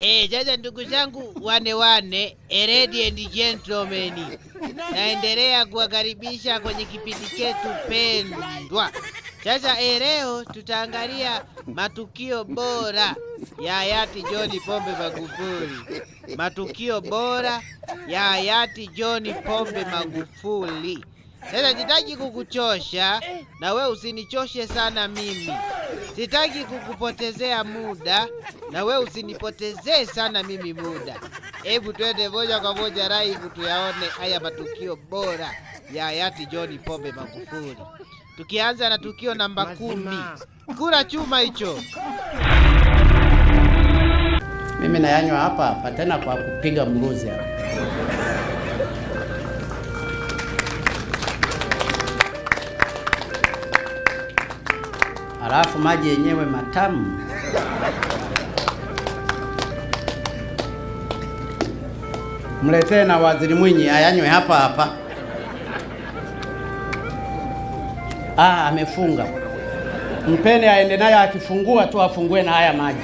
Eh, sasa ndugu zangu wane wane, ladies and gentlemen, naendelea kuwakaribisha kwenye kipindi chetu pendwa. Sasa eh, leo tutaangalia matukio bora ya hayati John Pombe Magufuli, matukio bora ya hayati John Pombe Magufuli. Sasa sitaki kukuchosha na we usinichoshe sana mimi Sitaki kukupotezea muda na we usinipotezee sana mimi muda. Hebu twende moja kwa moja live tuyaone haya matukio bora ya hayati John Pombe Magufuli, tukianza na tukio namba kumi, kura chuma hicho. Mimi nayanywa hapa hapa tena kwa kupiga mruzi hapa halafu maji yenyewe matamu. Mletee na Waziri Mwinyi ayanywe hapa hapa. Ah, amefunga, mpeni aende nayo, akifungua tu afungue na haya maji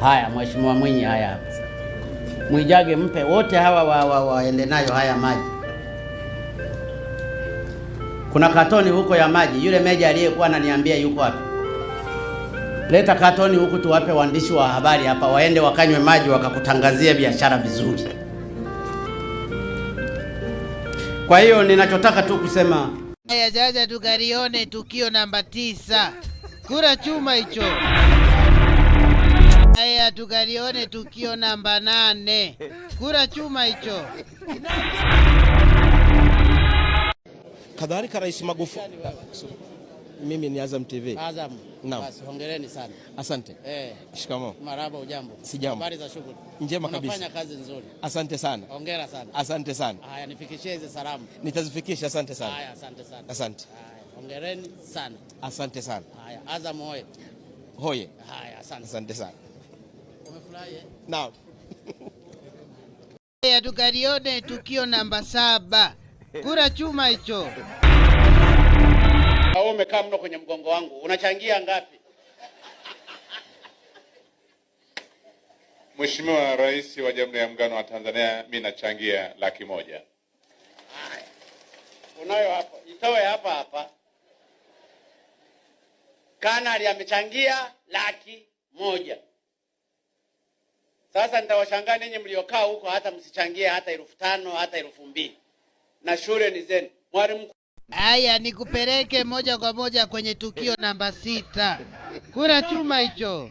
haya. Mheshimiwa Mwinyi, haya Mwijage mpe wote hawa waende wa, wa, nayo haya maji kuna katoni huko ya maji. Yule meja aliyekuwa ananiambia yuko wapi? Leta katoni huku tuwape waandishi wa habari hapa, waende wakanywe maji, wakakutangazia biashara vizuri. Kwa hiyo ninachotaka tu kusema haya sasa, tukalione tukio namba tisa, kura chuma hicho. Haya tukalione tukio namba nane, kura chuma hicho. Kadhalika Rais Magufuli. Mimi ni Azam TV. Azam. Naam. Basi hongereni sana. Asante. Eh. Shikamoo. Marhaba, ujambo? Sijambo. Habari za shughuli? Njema kabisa. Unafanya kazi nzuri. Asante sana. Hongera sana. Asante sana. Haya, nifikishie hizo salamu. Nitazifikisha, asante sana. Haya, asante sana. Asante. Haya, hongereni sana. Asante sana. Haya, Azam hoye. Hoye. Haya, asante. Asante sana. Umefurahi? Eh? Naam. Tukalione tukio namba saba kura chuma hicho. Wewe umekaa mno kwenye mgongo wangu, unachangia ngapi? Mheshimiwa Rais wa Jamhuri ya Muungano wa Tanzania, mimi nachangia laki moja. Unayo hapo, itoe hapa hapa. Kanali amechangia laki moja. Sasa nitawashangaa ninyi mliokaa huko, hata msichangie hata elfu tano hata elfu mbili na shule ni zenu. Mwalimu Aya, nikupeleke moja kwa moja kwenye tukio namba sita. Kura chuma hicho.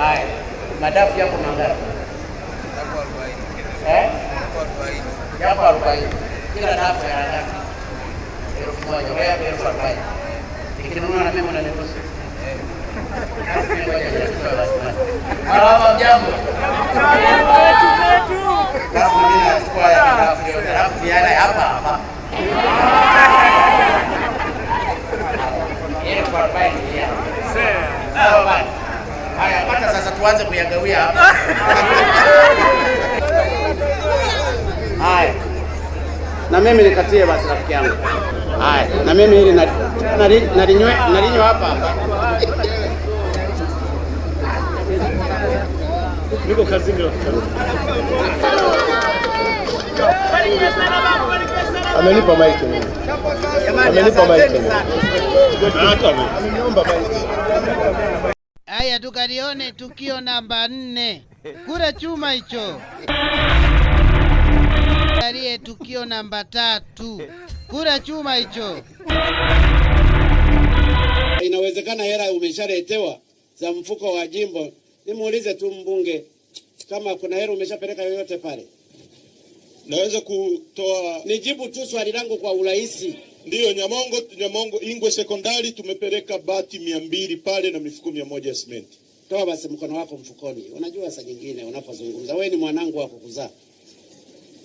Haya, madafu yapo mangapi? Eh? Yapo arobaini. Kila dafu ya ngapi? Elfu moja. Wewe elfu arobaini nikinunua na mimi unaniruhusu? Jambo hapa haraka sasa, tuanze kuyagawia hapa. Haya, na mimi nikatie basi, rafiki yangu. Haya, na mimi hili nalinywe na, hapa hapa, niko kazini. Amenipa mimi. amenipa maiki, ameniomba maiki Haya, tukalione tukio namba nne. Kura chuma hicho. Tuangalie tukio namba tatu. Kura chuma hicho. Inawezekana hela umeshaletewa za mfuko wa jimbo. Nimuulize tu mbunge kama kuna hela umeshapeleka yoyote pale. Naweza kutoa, nijibu tu swali langu kwa urahisi. Ndiyo, Nyamongo, Nyamongo Ingwe sekondari tumepeleka bati mia mbili pale na mifuko mia moja ya simenti. Toa basi mkono wako mfukoni. Unajua saa nyingine unapozungumza wewe ni mwanangu wa kukuzaa.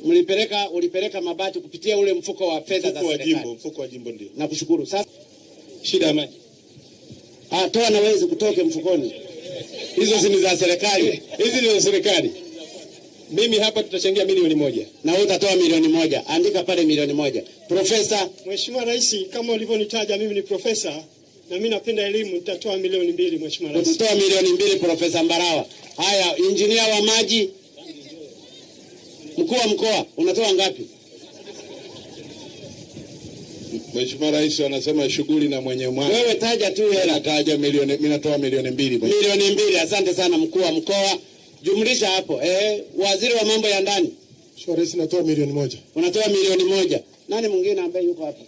Mlipeleka ulipeleka mabati kupitia ule mfuko wa fedha za serikali. Mfuko wa jimbo mfuko wa jimbo ndio. Nakushukuru. Sasa shida ya maji. Ah, toa na wewe kutoke mfukoni. Hizo si za serikali. Hizi ni za serikali. Mimi hapa tutachangia milioni moja. Na wewe utatoa milioni moja. Andika pale milioni moja. Profesa. Mheshimiwa Rais, kama ulivyonitaja mimi ni profesa na mimi napenda elimu, nitatoa milioni mbili Mheshimiwa Rais. Nitatoa milioni mbili Profesa Mbarawa. Haya, injinia wa maji, mkuu wa mkoa, unatoa ngapi? Mheshimiwa Rais anasema shughuli na mwenye mwana. Wewe taja tu hela. Taja milioni, mimi natoa milioni mbili. Milioni mbili, asante sana mkuu wa mkoa. Jumlisha hapo. Eh, waziri wa mambo ya ndani. Mheshimiwa Rais, natoa milioni moja. Unatoa milioni moja. Nani mwingine ambaye yuko hapa?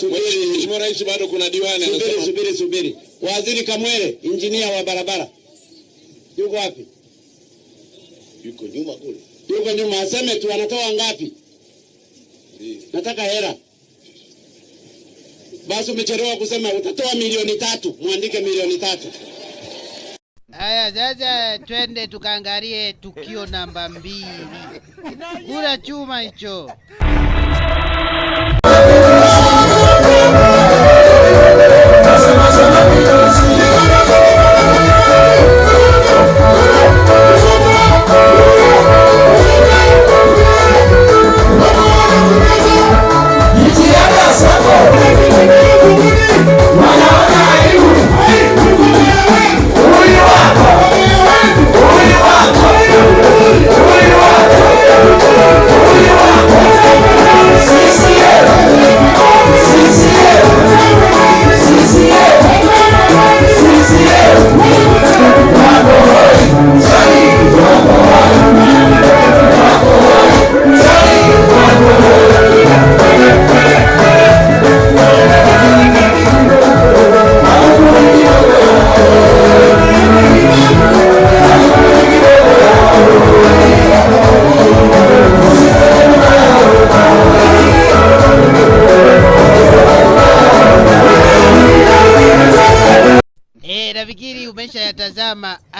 Subiri Mheshimiwa Rais, bado kuna diwani. Subiri, subiri, subiri. Waziri Kamwele, injinia wa barabara, yuko wapi? Yuko nyuma kule, yuko nyuma. Aseme tu anatoa ngapi? Nataka hera basi. Umechelewa kusema, utatoa milioni tatu, mwandike milioni tatu sasa twende tukaangalie tukio namba mbili. Kula chuma hicho.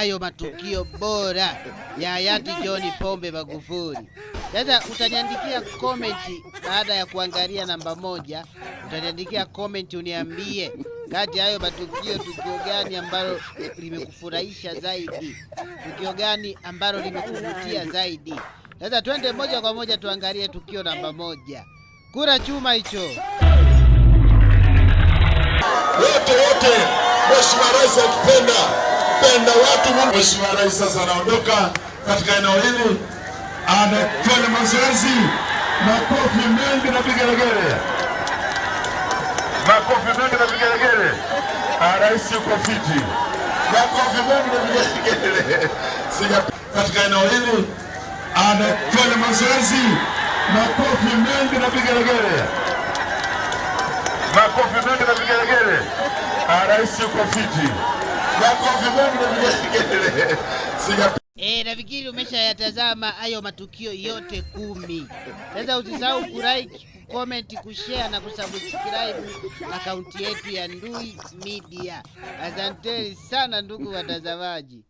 hayo matukio bora ya hayati John Pombe Magufuli. Sasa utaniandikia comment baada ya kuangalia namba moja, utaniandikia comment uniambie kati ya hayo matukio, tukio gani ambalo limekufurahisha zaidi? Tukio gani ambalo limekuvutia zaidi? Sasa twende moja kwa moja tuangalie tukio namba moja, kura chuma hicho. Wote wote, Mheshimiwa Rais akipenda kupenda watu. Mheshimiwa Rais sasa anaondoka katika eneo hili, anafanya mazoezi. Makofi mengi na vigelegele, makofi mengi na vigelegele. Ah, Rais yuko fiti, makofi mengi na vigelegele. Katika eneo hili anafanya mazoezi, makofi mengi na vigelegele makofi mengi na vigelegele. Ah, Rais yuko fiti. Eh, nafikiri umeshayatazama hayo matukio yote kumi. Sasa usisahau kulike, kucomment, kushare na kusubscribe akaunti yetu ya Ndui Media. Asanteni sana ndugu watazamaji.